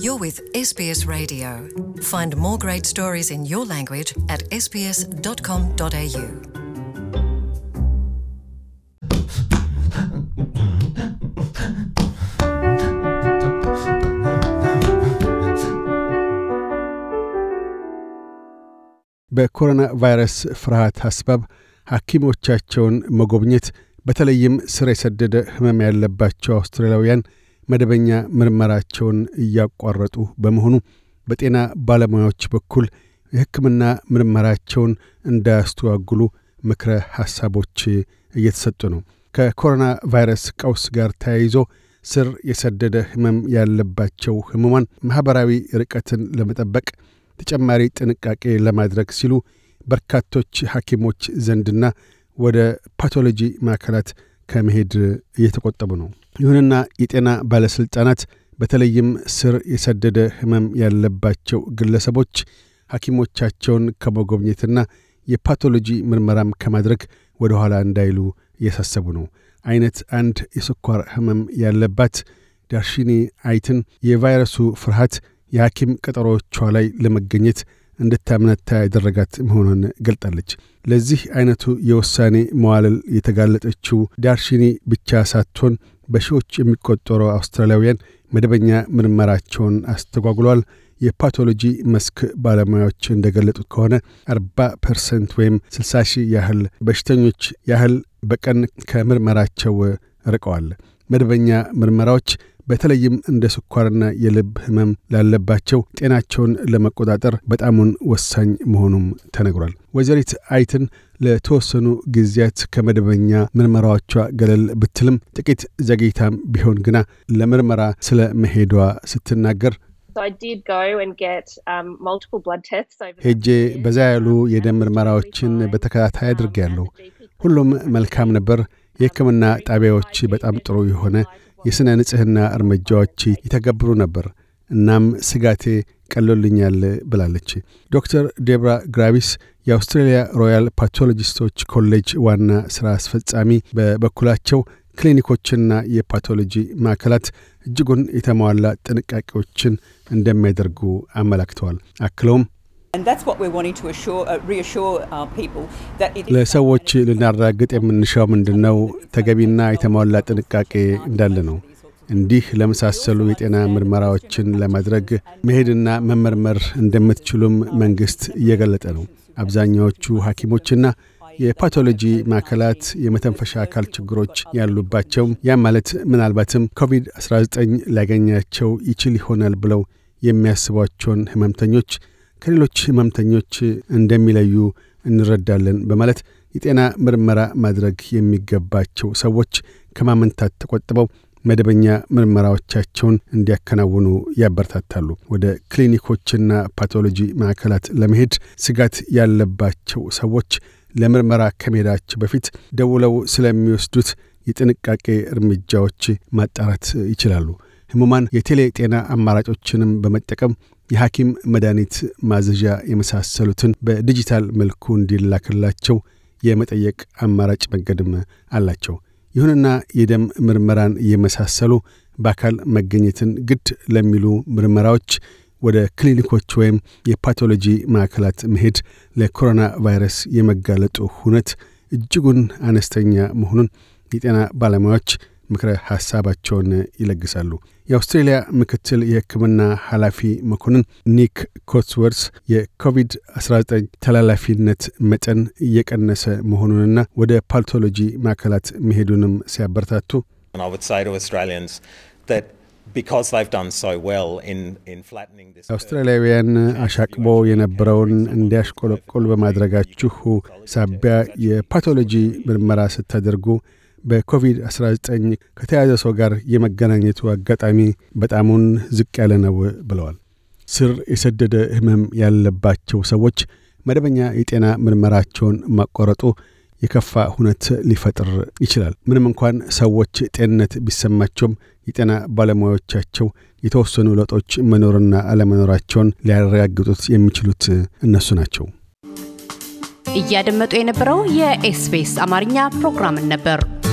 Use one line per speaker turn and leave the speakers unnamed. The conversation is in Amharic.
You're with SBS Radio. Find more great stories in your language at sbs.com.au. በኮሮና ቫይረስ ፍርሃት አስባብ ሐኪሞቻቸውን መጎብኘት በተለይም ስር የሰደደ ህመም ያለባቸው አውስትራሊያውያን መደበኛ ምርመራቸውን እያቋረጡ በመሆኑ በጤና ባለሙያዎች በኩል የሕክምና ምርመራቸውን እንዳያስተዋግሉ ምክረ ሐሳቦች እየተሰጡ ነው። ከኮሮና ቫይረስ ቀውስ ጋር ተያይዞ ስር የሰደደ ህመም ያለባቸው ህሙማን ማኅበራዊ ርቀትን ለመጠበቅ ተጨማሪ ጥንቃቄ ለማድረግ ሲሉ በርካቶች ሐኪሞች ዘንድና ወደ ፓቶሎጂ ማዕከላት ከመሄድ እየተቆጠቡ ነው። ይሁንና የጤና ባለሥልጣናት በተለይም ስር የሰደደ ህመም ያለባቸው ግለሰቦች ሐኪሞቻቸውን ከመጎብኘትና የፓቶሎጂ ምርመራም ከማድረግ ወደ ኋላ እንዳይሉ እያሳሰቡ ነው። አይነት አንድ የስኳር ህመም ያለባት ዳርሺኒ አይትን የቫይረሱ ፍርሃት የሐኪም ቀጠሮዎቿ ላይ ለመገኘት እንድታምነታ ያደረጋት መሆኗን ገልጣለች። ለዚህ አይነቱ የውሳኔ መዋለል የተጋለጠችው ዳርሺኒ ብቻ ሳትሆን በሺዎች የሚቆጠሩ አውስትራሊያውያን መደበኛ ምርመራቸውን አስተጓጉለዋል። የፓቶሎጂ መስክ ባለሙያዎች እንደገለጡት ከሆነ 40 ፐርሰንት ወይም 60 ሺህ ያህል በሽተኞች ያህል በቀን ከምርመራቸው ርቀዋል። መደበኛ ምርመራዎች በተለይም እንደ ስኳርና የልብ ህመም ላለባቸው ጤናቸውን ለመቆጣጠር በጣሙን ወሳኝ መሆኑም ተነግሯል። ወይዘሪት አይትን ለተወሰኑ ጊዜያት ከመደበኛ ምርመራዎቿ ገለል ብትልም ጥቂት ዘግይታም ቢሆን ግና ለምርመራ ስለ መሄዷ ስትናገር ሄጄ በዛ ያሉ የደም ምርመራዎችን በተከታታይ አድርጌያለሁ። ሁሉም መልካም ነበር። የሕክምና ጣቢያዎች በጣም ጥሩ የሆነ የሥነ ንጽሕና እርምጃዎች ይተገብሩ ነበር። እናም ስጋቴ ቀሎልኛል ብላለች። ዶክተር ዴብራ ግራቪስ የአውስትሬልያ ሮያል ፓቶሎጂስቶች ኮሌጅ ዋና ሥራ አስፈጻሚ በበኩላቸው ክሊኒኮችና የፓቶሎጂ ማዕከላት እጅጉን የተሟላ ጥንቃቄዎችን እንደሚያደርጉ አመላክተዋል። አክለውም Uh, uh, ለሰዎች ልናረጋግጥ የምንሻው ምንድነው ተገቢና የተሟላ ጥንቃቄ እንዳለ ነው። እንዲህ ለመሳሰሉ የጤና ምርመራዎችን ለማድረግ መሄድና መመርመር እንደምትችሉም መንግሥት እየገለጠ ነው። አብዛኛዎቹ ሐኪሞችና የፓቶሎጂ ማዕከላት የመተንፈሻ አካል ችግሮች ያሉባቸው ያም ማለት ምናልባትም ኮቪድ-19 ሊያገኛቸው ይችል ይሆናል ብለው የሚያስቧቸውን ህመምተኞች። ከሌሎች ህመምተኞች እንደሚለዩ እንረዳለን በማለት የጤና ምርመራ ማድረግ የሚገባቸው ሰዎች ከማመንታት ተቆጥበው መደበኛ ምርመራዎቻቸውን እንዲያከናውኑ ያበረታታሉ። ወደ ክሊኒኮችና ፓቶሎጂ ማዕከላት ለመሄድ ስጋት ያለባቸው ሰዎች ለምርመራ ከመሄዳቸው በፊት ደውለው ስለሚወስዱት የጥንቃቄ እርምጃዎች ማጣራት ይችላሉ። ህሙማን የቴሌ ጤና አማራጮችንም በመጠቀም የሐኪም መድኃኒት ማዘዣ የመሳሰሉትን በዲጂታል መልኩ እንዲላክላቸው የመጠየቅ አማራጭ መንገድም አላቸው። ይሁንና የደም ምርመራን የመሳሰሉ በአካል መገኘትን ግድ ለሚሉ ምርመራዎች ወደ ክሊኒኮች ወይም የፓቶሎጂ ማዕከላት መሄድ ለኮሮና ቫይረስ የመጋለጡ ሁነት እጅጉን አነስተኛ መሆኑን የጤና ባለሙያዎች ምክረ ሐሳባቸውን ይለግሳሉ። የአውስትሬልያ ምክትል የሕክምና ኃላፊ መኮንን ኒክ ኮትስወርስ የኮቪድ-19 ተላላፊነት መጠን እየቀነሰ መሆኑንና ወደ ፓልቶሎጂ ማዕከላት መሄዱንም ሲያበረታቱ አውስትራሊያውያን አሻቅቦ የነበረውን እንዲያሽቆለቆል በማድረጋችሁ ሳቢያ የፓቶሎጂ ምርመራ ስታደርጉ በኮቪድ-19 ከተያዘ ሰው ጋር የመገናኘቱ አጋጣሚ በጣሙን ዝቅ ያለ ነው ብለዋል። ስር የሰደደ ህመም ያለባቸው ሰዎች መደበኛ የጤና ምርመራቸውን ማቋረጡ የከፋ ሁነት ሊፈጥር ይችላል። ምንም እንኳን ሰዎች ጤንነት ቢሰማቸውም የጤና ባለሙያዎቻቸው የተወሰኑ ለውጦች መኖርና አለመኖራቸውን ሊያረጋግጡት የሚችሉት እነሱ ናቸው። እያደመጡ የነበረው የኤስቢኤስ አማርኛ ፕሮግራምን ነበር።